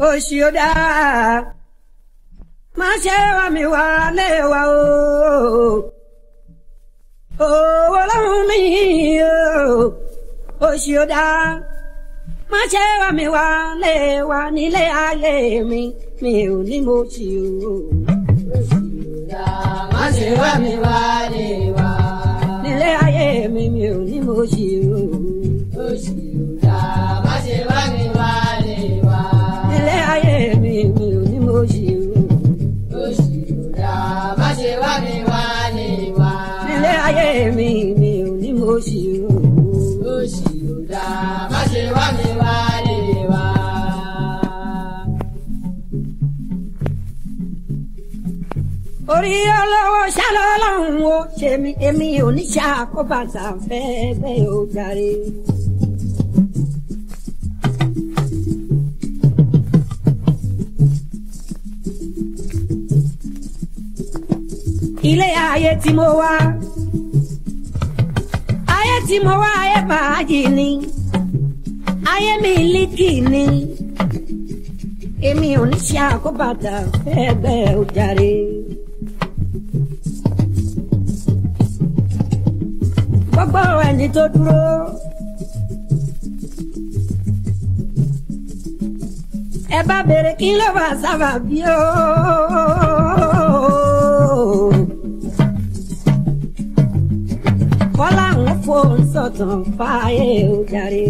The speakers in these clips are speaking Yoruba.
oṣù ó dáa má ṣe wà mí wá lé wa o owó lọ́rùn mi o oṣù ó dáa má ṣe wà mí wá lé nílé ayé mi mi ò ní mo ṣì o. má ṣe wà mí wá lé nílé ayé mi mi ò ní mo ṣì o. láyé mi mi ò ní mo ṣì rò ó ṣì rò dá má ṣe wá mi wá lè wá. orí olówó ṣálọ́lọ́hún o ṣèmi èmi ò ní ṣàkóbàtà fẹ́ bẹ́ẹ̀ ó ilé ayé tí mo wá tí mo wá ayé fàájì ni ayé mi líkì ni èmi ò ní ṣe àkóbàtà fẹ́ẹ́gbẹ́ òjàre. gbogbo ẹni tó dúró. ẹ bá bèrè kí ló bá sábà bí ó. forí sọ̀tàn on fire, jàre.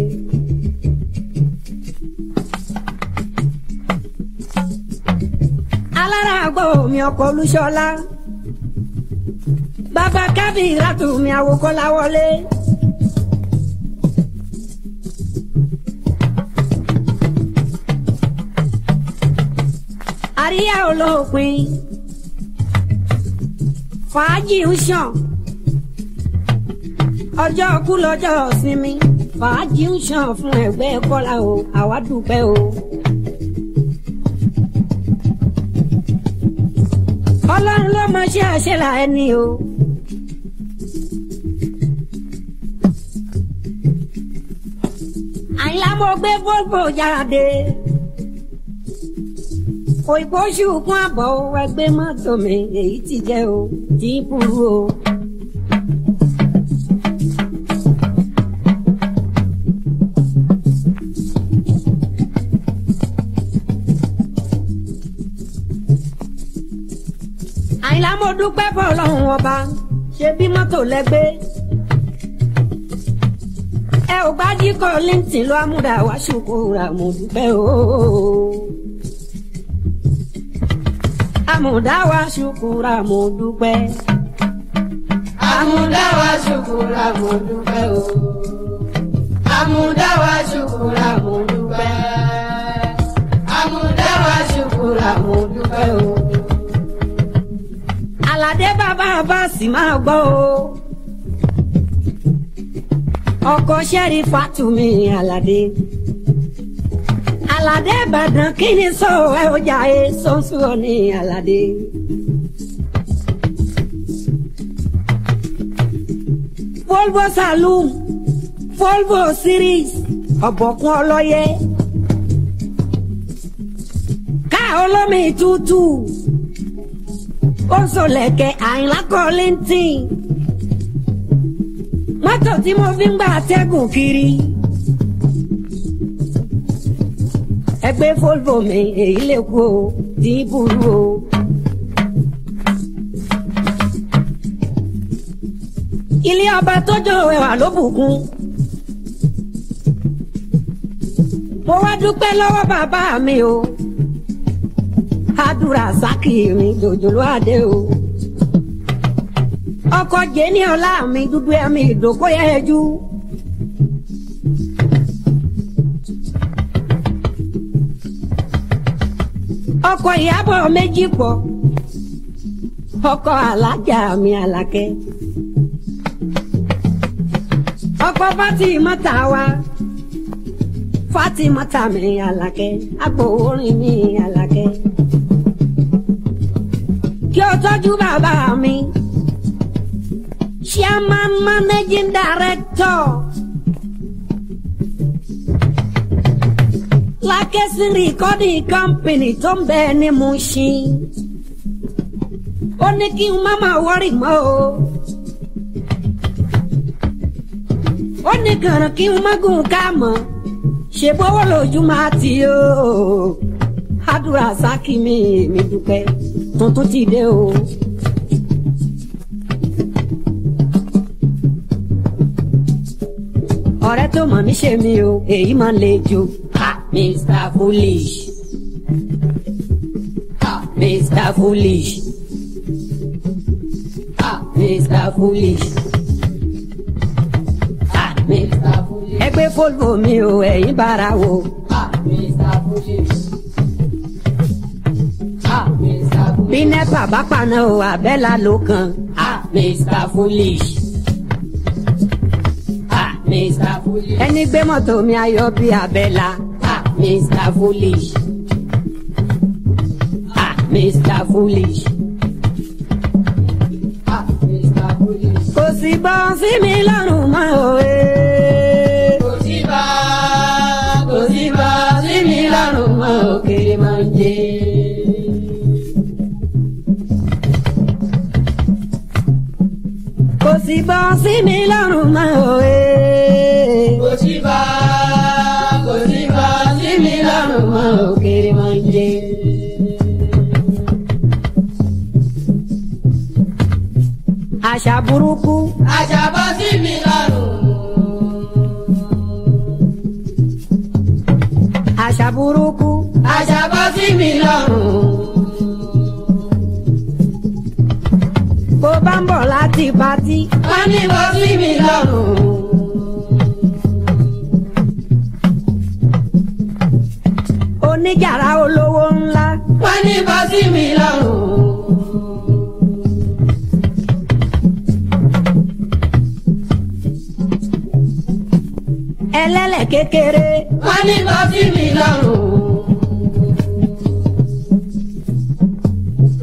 alára àgbọ̀ mi ọkọ̀ olúṣọlá bàbá kábì látò mi àwòkọ́lá wọlé. àríyá olóòpin fàájì ń ṣàn ọjọ́ kú lọ́jọ́ sinmi fàájì ń ṣàn fún ẹgbẹ́ kọ́lá o àwa dúpẹ́ o. ọlọ́run ló mọ ṣé àṣẹlà ẹni o. àyìnlá mo gbé volvo jáde òyìnbó ṣùkún àbọ̀ ẹgbẹ́ mọ́tò mi èyí ti jẹ́ o tí ń burú o. àyìnlá mo dúpẹ́ fọlọ́run ọba ṣe bí mọ́tò lẹ́gbẹ́ ẹ ò gbájí kọ lintin ló amúra wá ṣùkúra mo dúpẹ́ ooo amúdá wá ṣùkúra mo dúpẹ́ amúdá wá ṣùkúra mo dúpẹ́ ooo amúdá wá ṣùkúra mo dúpẹ́ amúdá wá ṣùkúra mo dúpẹ́ ooo. Àlàdé bàbá àbáàsì máa gbọ́ o. ọkọ sẹ́rí Fàtúmí Àlàdé. Àlàdé Ìbàdàn kí ni sọ ẹ ọjà ẹ sọ́nsúrò ní Àlàdé. Volvo saloon Volvo series ọ̀bọ̀kún ọlọ́yẹ. ká olómi tútù kóńsólẹ̀kẹ̀ àyìnlá kọ́lẹ́ntìn mọ́tò tí mo fi ń gba àtẹ́gùn kiri ẹgbẹ́ fólvò mi èyí lè kú o dìbùrú o. ilé ọba tọ́jọ́ ẹwà ló bùkún. mo wá dúpẹ́ lọ́wọ́ bàbá mi o. abdulrasaki mi dòjòló adé o ọkọ jẹni ọlá mi dúdú ẹmí ìdókòyẹ ẹjú. ọkọ ìyàbọ̀ Omeji pọ̀ ọkọ alájà mi àlàkẹ́ ọkọ Fatima ta wa Fatima ta mi àlàkẹ́ àpò orin mi tọ́jú she mi chairman managing director Like lákẹ́sí recording company tó ń bẹ ní Mushin ó ní kí n má máa wọ́rì mọ́ o. ó ní kàrán kí n mọ́gùn ká mọ̀ ṣe bọ́wọ́ lójú máa ti o. àdúrà sákì mi èmi tuntun ti dé o. ọ̀rẹ́ tó mọ̀ mí ṣe mi o èyí máa le jù. ha Mr Foolish ha Mr Foolish ha Mr Foolish ha Mr Foolish. mi o ẹ̀yin bára wo. ha Mr Foolish. bí nẹ́pà bá paná o àbẹ́là ló kàn. a Mr Foolish. a Mr Foolish. ẹni gbé mọ́tò mi ayọ̀ bí àbẹ́là. a Mr Foolish. a Mr Foolish. a Mr Foolish. kò sí bọ́ sí mi lọ́rùn mọ́ òwe. Mao Kirimanjee. àṣà burúkú. àṣà bọ́ sí mi lọ́rùn. àṣà burúkú. àṣà bọ́ sí mi lọ́rùn. bó bá ń bọ̀ láti patí. wọ́n ní bọ́ sí mi lọ́rùn. oníjàrá olówó ńlá. wọ́n ní bọ́ sí mi lọ́rùn. ẹlẹ́lẹ̀ kékeré. wọ́n ní bọ́ sí mi lọ́rùn.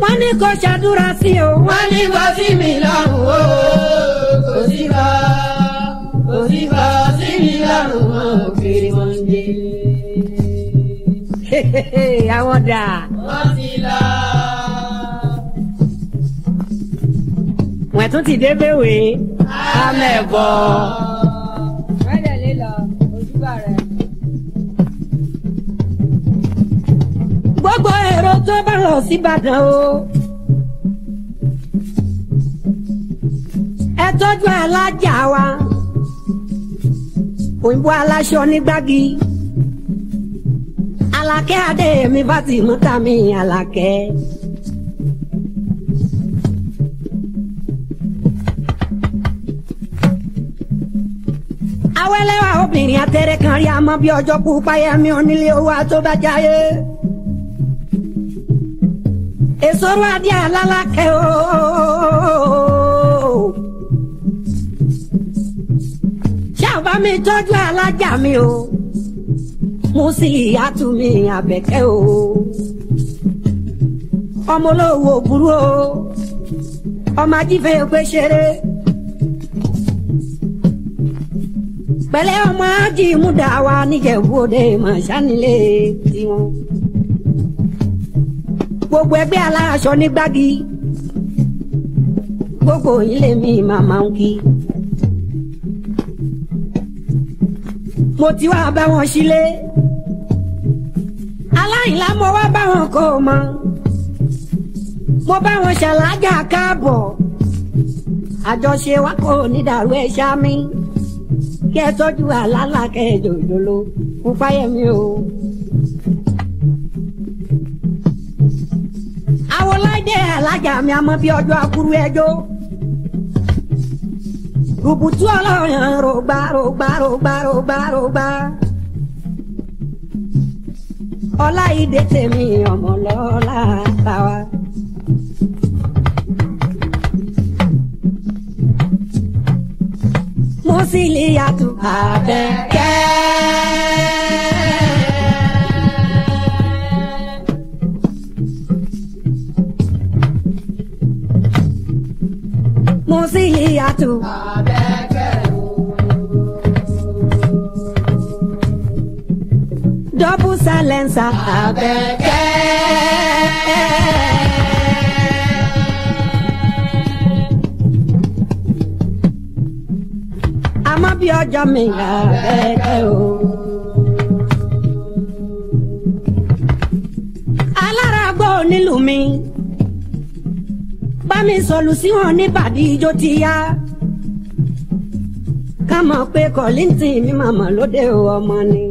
wọ́n ní kó ṣàdúrà sí o. wọ́n ní bọ́ sí mi lọ́rùn o. kò sí bọ́ kò sí bọ́ sí mi lọ́rùn o. kiri mọ́ àwọn dà. wọ́n ti lọ. wọ́n tún ti dé bèwé. amẹ́bọ̀. rẹ́dẹ̀ lè lọ ojúbà rẹ̀. gbogbo èrò tó bá lọ síbàdàn o. ẹ tọ́jú alájà wa òyìnbó aláṣọ nígbàgì. Àlàkẹ́ adé mi bá ti mú ta mi Àlàkẹ́. awẹ́lẹ́wà obìnrin atẹ́rẹ́ kan rí amọ́ bí ọjọ́ kú páyẹ́mí onílé owó àtọ́bàjáyé. èsòrò adé alálàkẹ́ ooo. ṣàbámi tọ́jú alájà mi o. Musiyatu mi Àbẹ̀kẹ́ o ọmọ olówó burú o ọmọ ajífẹ́ ògbé pẹ̀lẹ́ ọmọ ají múdà wa níjẹ̀wò dé mà sánilé tiwọn gbogbo ẹgbẹ́ aláṣọ ní gbági gbogbo ilé mi màmá ń kí. mo ti wá bá wọn sílé. Si aláìlá mo wá bá wọn kó o mọ mo bá wọn ṣàlájà káàbọ̀ àjọṣe wa kò ní dàrú ẹ ṣá mi kí ẹ tọ́jú àlálà kẹ ẹ fún fáyẹmí o. awolade alájà mi àmọ́ bí ọjọ́ akuru ẹjọ́ rubutu ọlọ́run rògbà rògbà rògbà rògbà rògbà. Ọláìdé tèmi ọmọ lọ́la tàwa. Musiliatu Àbẹ̀kẹ́. Musiliatu Àbẹ̀kẹ́. Double silencer Abeke. bí ọjọ mi àbẹ̀rẹ̀ o. aláragbó onílù mi bá mi sọlù sí wọn níbàdí ijó ti yá ká mọ̀ pé kọ̀lìntì mi màmá lóde ọmọ ni.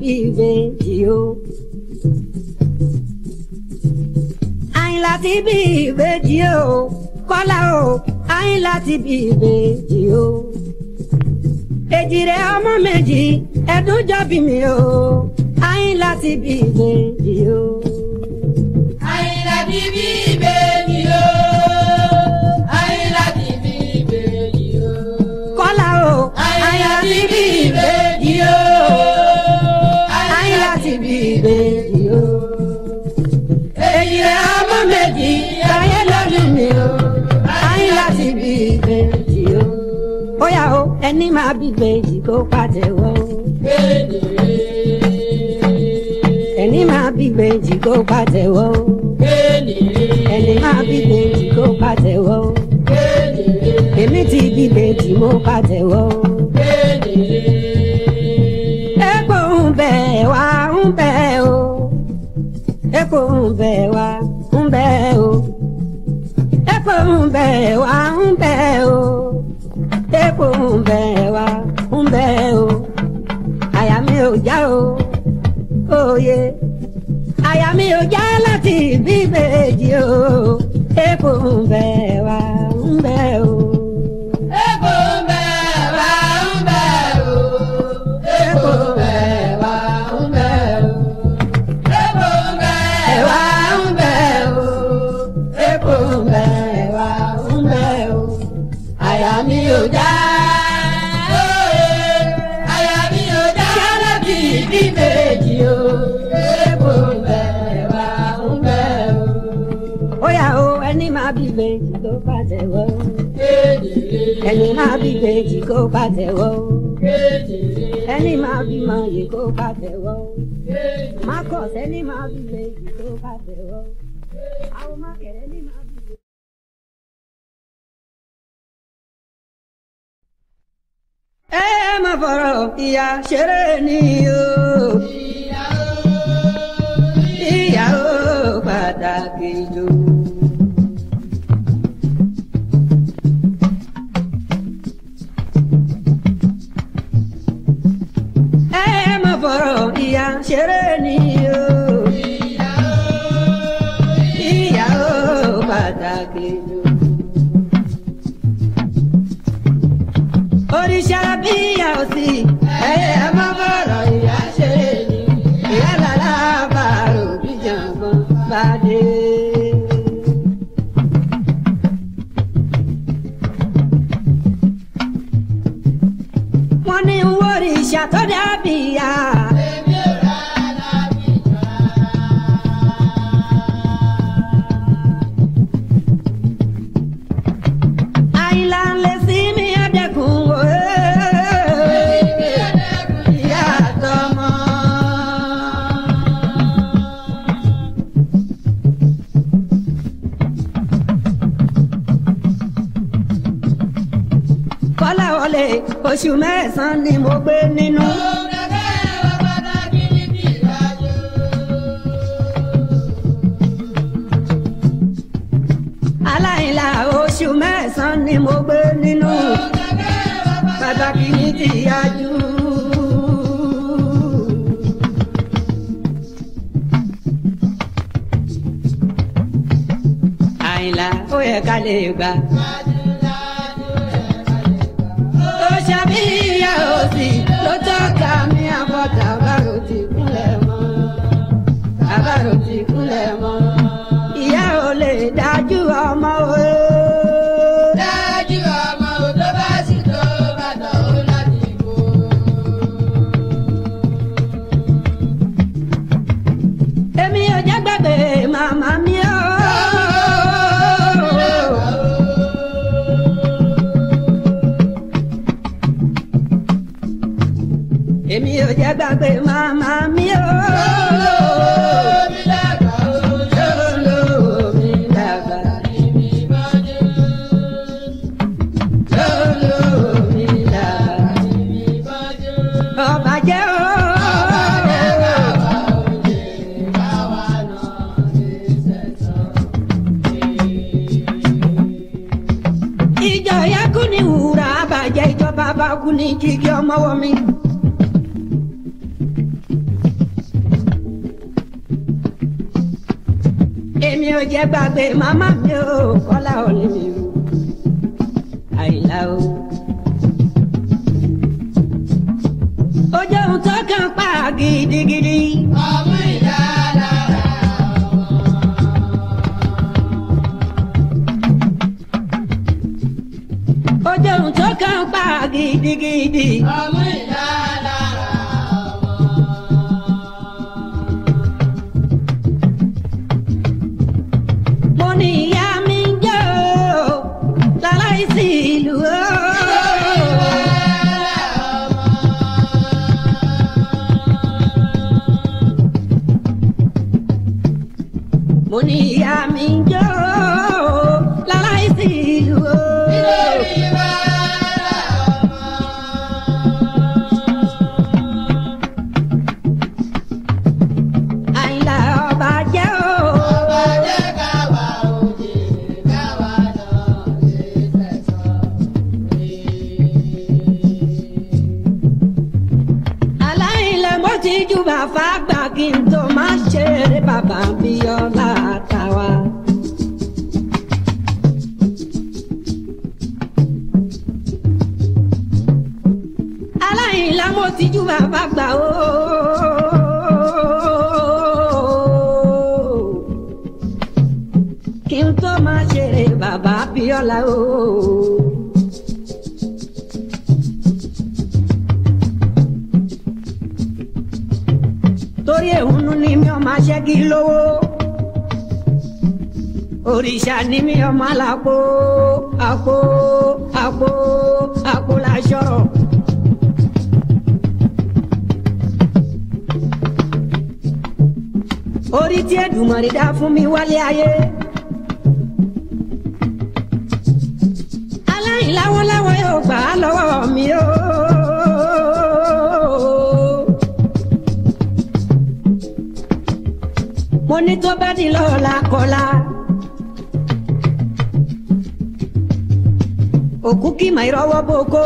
bíbélio. Àyìn láti bíbélì o, Kọ́lá o, àyìn láti bíbélì o. Èjì rẹ̀ ọmọ méjì, ẹ̀dùn jọ bí mi o, àyìn láti bíbélì o. ní máa bí gbèjì kó pàtẹ́wọ́. ẹni máa bí gbèjì kó pàtẹ́wọ́. ẹni máa bí gbèjì kó pàtẹ́wọ́. èmi ti bí gbèjì mo pàtẹ́wọ́. ẹ̀kọ́ ń bẹ̀ wá ń bẹ̀ o. ẹ̀kọ́ ń bẹ̀ wá ń bẹ̀ o. ẹ̀kọ́ ń bẹ̀ wá bẹ wá ń bẹ o àyà mi ò já o òye àyà mi ò já láti bí o èkó ń bẹ wá ń bẹ o. Go the kó pàtẹ́wọ́. ẹni máa bímọ yìí kó pàtẹ́wọ́. má kọ̀ sẹ́ni máa bímọ yìí kó pàtẹ́wọ́. àwọn má kẹ̀rẹ́ ní máa. ẹ má fọ̀rọ̀ ìyá ṣeré ni o. ṣeré ni o. ìyá o pàtàkì jù. òrìṣà bíyà sí ẹ̀yẹ́ ẹ̀ má. àkọlé oṣù mẹ́sàn-án ni mo gbé nínú. aláìlà oṣù mẹ́sàn-án ni mo gbé nínú. pàtàkì ní tìyájú. àyìnlá ó yẹ ká lè gbà. ìyá òsì ló tọ́ka mi àbọ̀tà. Mama, me. gbàgbé màmá mi ò kọ́lá ò lè mi o àìlá o. ó jẹ́ ohun tó kàn pa gidigidi. ọmọ ìyá lára. ó jẹ́ ohun tó kàn pa gidigidi. ọmọ ìyá. bá fàgbà kí n tó má ṣeré bàbá Bíọ́lá àtàwà. aláìlá mo ti jú bàbá gbà ó. ṣẹ́gi lówó òrìṣà ní mi ọmọ làpò àpò àpò àpò làṣọ. orí tí Èdùmàrè dá fún mi wálé ayé. aláìláwọ́láwọ́ yóò gbà á lọ́wọ́ mi o. Oni ní tó bá di lọ́la kọ́la. òkú kì máa rọwọ́ boko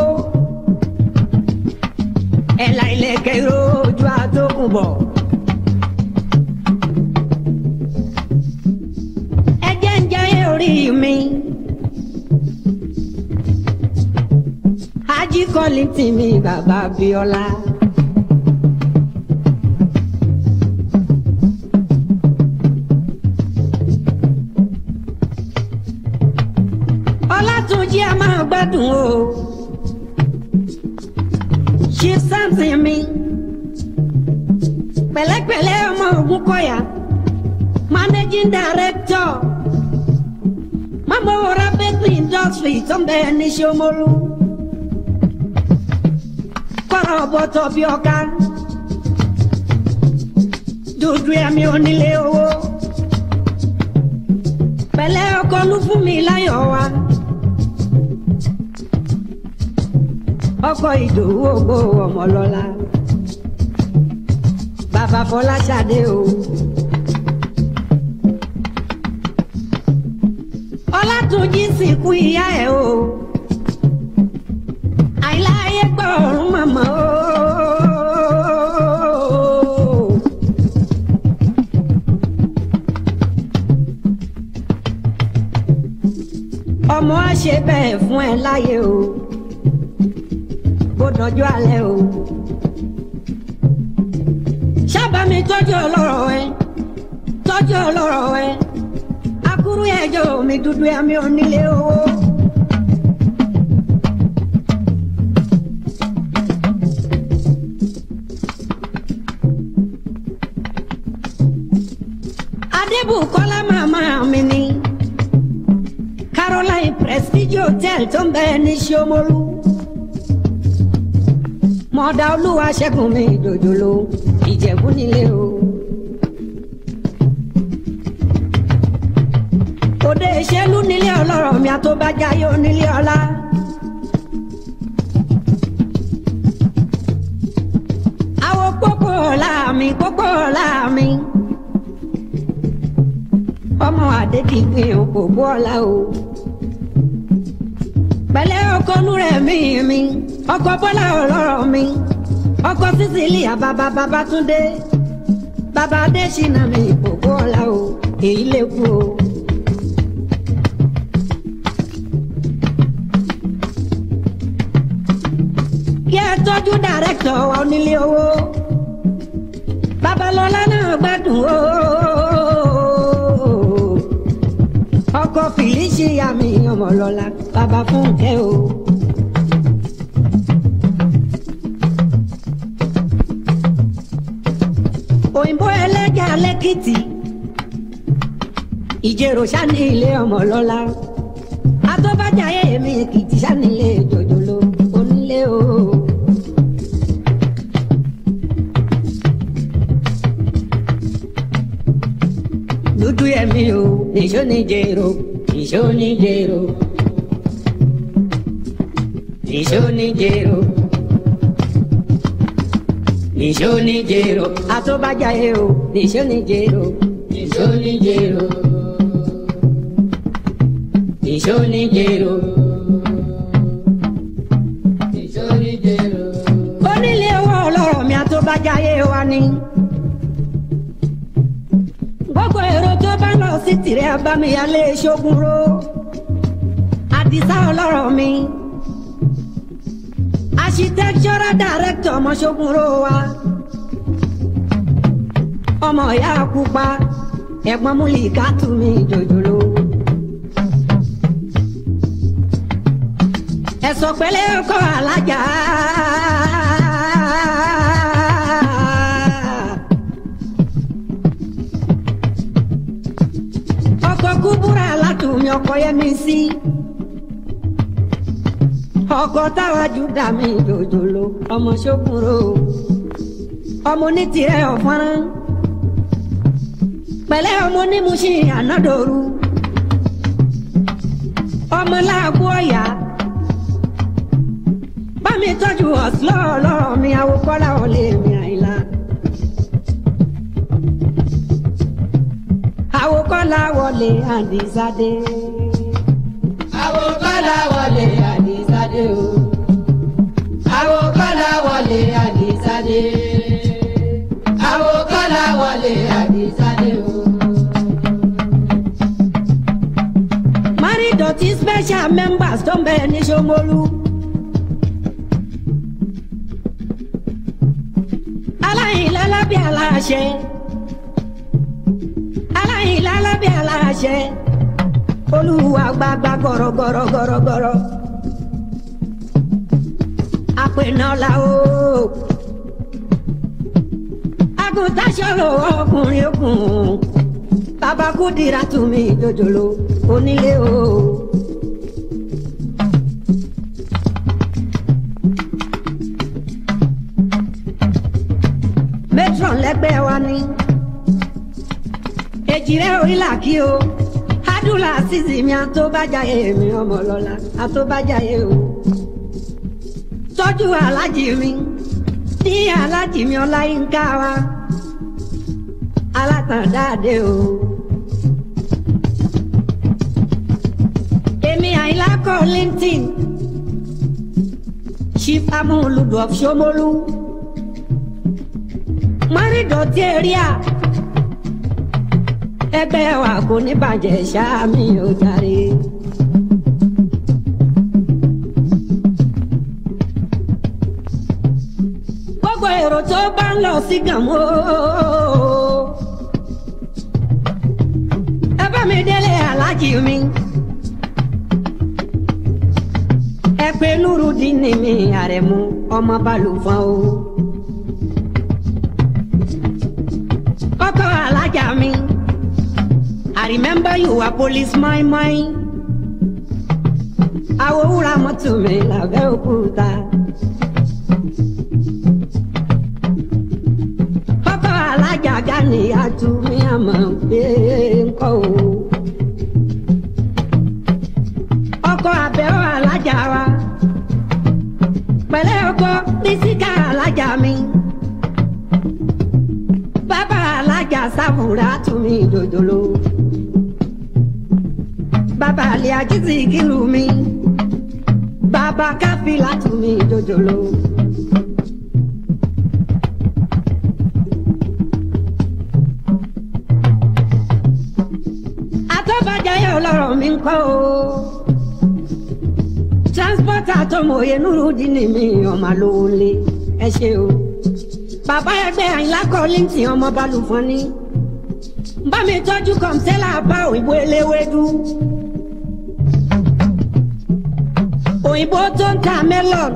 ẹ̀là ilẹ̀kẹ̀ rojú àtòkùn bọ̀. ẹjẹ́ ń jẹ́ orí mi. ajíkọ́lì tì mí bàbá Bíọ́lá. sáǹsìn mi pẹ̀lẹ́pẹ̀lẹ́ ọmọ Ògúnkọ̀yà managing director mamowora bakery industry tó ń bẹ̀rẹ̀ ní Ṣomolu kọ́ra ọ̀bọ̀tọ̀ bí ọ̀ka dúdú ẹ̀mí onílé owó pẹ̀lẹ́ ọkọ̀ ló fún mi láyọ̀ wa. ọkọ ìdòwú ògbó ọmọlọ́lá bàbá fọláṣadé o. ọlátúnjí sìnkú ìyá ẹ o àìláyé gbọ́ ọ̀run màmá o. ọmọ á ṣe bẹ́ẹ̀ fún ẹ láyé o bó dọjọ́ alẹ́ o. sábà mi tọ́jú ọlọ́rọ̀ ẹ tọ́jú ọlọ́rọ̀ ẹ akúrú ẹjọ́ mi dúdú ẹ mi ò nílé owó. Adébùkọ́lá màmá mi ni Caroline Prestige Hotel tó ń bẹ ní Ṣomolu mọ̀dá olúwa ṣẹ́gun mi dòjòló ìjẹ̀bú nílé o. òde ìṣẹ́lú nílé ọlọ́rọ̀ mi àtọ́bájáyé onílé ọlá. àwo kókó ọ̀la mi kókó ọ̀la mi ọmọ àdédìgbé òkòkò ọ̀la o. pẹ̀lẹ́ ọkọ nú rẹ̀ mí mi. mi ọkọ bọ́lá ọlọ́rọ̀ mi ọkọ sísìlì àbàbà babatúndé bàbá adésínà mi ìgbòho ọ̀la o èyí lè kú o. kí ẹ tọ́jú dàrẹ́kítọ̀ wa onílé owó babalọ́lá náà gbádùn o. ọkọ fìlíṣìyà mi ọmọ lọ́la bàbá fúnkẹ́ o. òyìnbó ẹlẹ́jà lẹ́kìtì ìjẹ̀rò sani ilé ọmọ lọ́la atọ́bàjà èmi èkìtì sani ilé jòjòló onílé o. dúdú ẹ̀mí o nìṣó ni jèrò nìṣó ni jèrò nìṣó ni jèrò nìṣó ní jèrò àtúbàjá yẹ o nìṣó ní jèrò nìṣó ní jèrò nìṣó ní jèrò. onílé wa ọlọ́rọ̀ mi àtúbàjá yẹ wa ni gbogbo èrò tó bá lọ sí tìrẹ abámiyálé ṣogun ro àdìsá ọlọ́rọ̀ mi architectural director ọmọ ṣogunro wa ọmọ ìyá pupa ẹ̀gbọ́n múlíkà tù mí jòjòló. ẹ̀sọ́ pẹ̀lẹ́ ọkọ̀ alájà. ọkọ̀ kúbúrà látùmí ọkọ̀ yẹmi sí. Si ọkọ táwọn júdà mi jòjòló ọmọ ṣókùnrò ọmọ onítìrẹ ọ̀fọ́nrán pẹ̀lẹ́ ọmọ onímùsìn ànádòru ọmọ láàbù ọ̀yà bá mi tọ́jú ọ̀sùn lọ́ọ̀lọ́ọ̀ mi àwòkọ́lá ọ̀lẹ́ mi àìlá. àwòkọ́lá wọlé àdìsáde. àwòkọ́lá wọlé àdìsáde wọlé o. àwọn kọ́lá wọlé àdìsáde. àwọn kọ́lá wọlé àdìsáde o. Married.Dotty special members tó ń bẹ ní Ṣómólú. aláìlálábẹ́ aláṣẹ. aláìlálábẹ́ aláṣẹ. olúwa gbagba gọ̀rọ̀gọ̀rọ̀gọ̀rọ̀gọ̀rọ̀ pè náà la o. àgùntàn ṣọ̀rọ̀ ọkùnrin òkun bàbá Kúdírát tún mi jòjòló onílé o. matron lẹ́gbẹ́ wa ni èjìrẹ́ orí làkí o adúlá sísìmí àtọ́bàjáyé mi ọmọ lọ́la àtọ́bàjáyé eh, o. Oh tọ́jú aláàjì mi ní aláàjì mi ọláyínká wa alátàndáàdé o. èmi àyìnlá kọ́ lintin chief amúlùdọ̀ ṣomolú mọ́rìndọ̀tì eria ẹgbẹ́ wa kò ní bàjẹ́ ṣáà mi ò jàre. tó bá ń lọ sí gàmó. ẹ bá mi délé aláàjì mi. ẹ pé Nurudeen ni mi àrẹ̀mú ọmọ balùwọ̀n o. ọkọ alájà mi. I remember you are police my mind. Àwòrán mọ́tò mi làbẹ́ òkúta. níyà tú mi àmọ́ pé ńkọ́ o. ọkọ àbẹ̀wò alájà wa pẹ̀lẹ́ ọkọ bísíkà alájà mi bàbá alájà sáfùrà tú mi dòdòló bàbá àlè àjíṣì kìlù mi bàbá káfílà tú mi dòdòló. lọ́rọ̀ mi ń kọ́ o. transporter àtọmọ òye nurudi ni mi ọmọ ló lé ẹ ṣe o. bàbá ẹgbẹ́ àyìnlá kọ́ líǹtì ọmọ balùwọ̀n ni. bá mi tọ́jú kọ̀m̀tẹ́là bá òyìnbó eléwédú. òyìnbó tó ń ta melon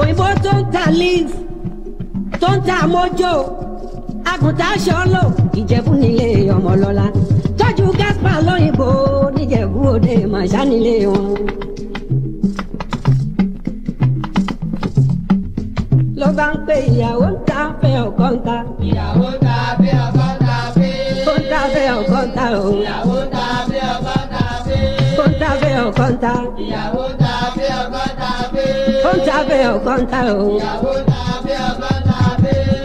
òyìnbó tó ń ta leaf tó ń ta mojo àgùntàn aṣọ lò ìjẹ̀bú nílé ọmọ lọ́la ṣáájú gaspar lóyìnbó níjẹ̀bú òde màṣánilé wọn. ló bá ń pe ìyàwó ń ta fẹ́ ọkọ ń ta. ìyàwó ta fẹ́ ọkọ ń ta fẹ́. ó ń ta fẹ́ ọkọ ń ta o. ìyàwó ta fẹ́ ọkọ ń ta fẹ́. ó ń ta fẹ́ ọkọ ń ta. ìyàwó ta fẹ́ ọkọ ń ta fẹ́. ó ń ta fẹ́ ọkọ ń ta o. ìyàwó ta fẹ́ ọkọ ń ta fẹ́.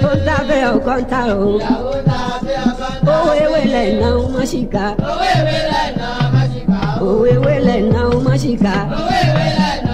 ó ń ta fẹ́ ọkọ ń ta o. ìyàwó ta owewele na umashika owewele na umashika owewele na umashika owewele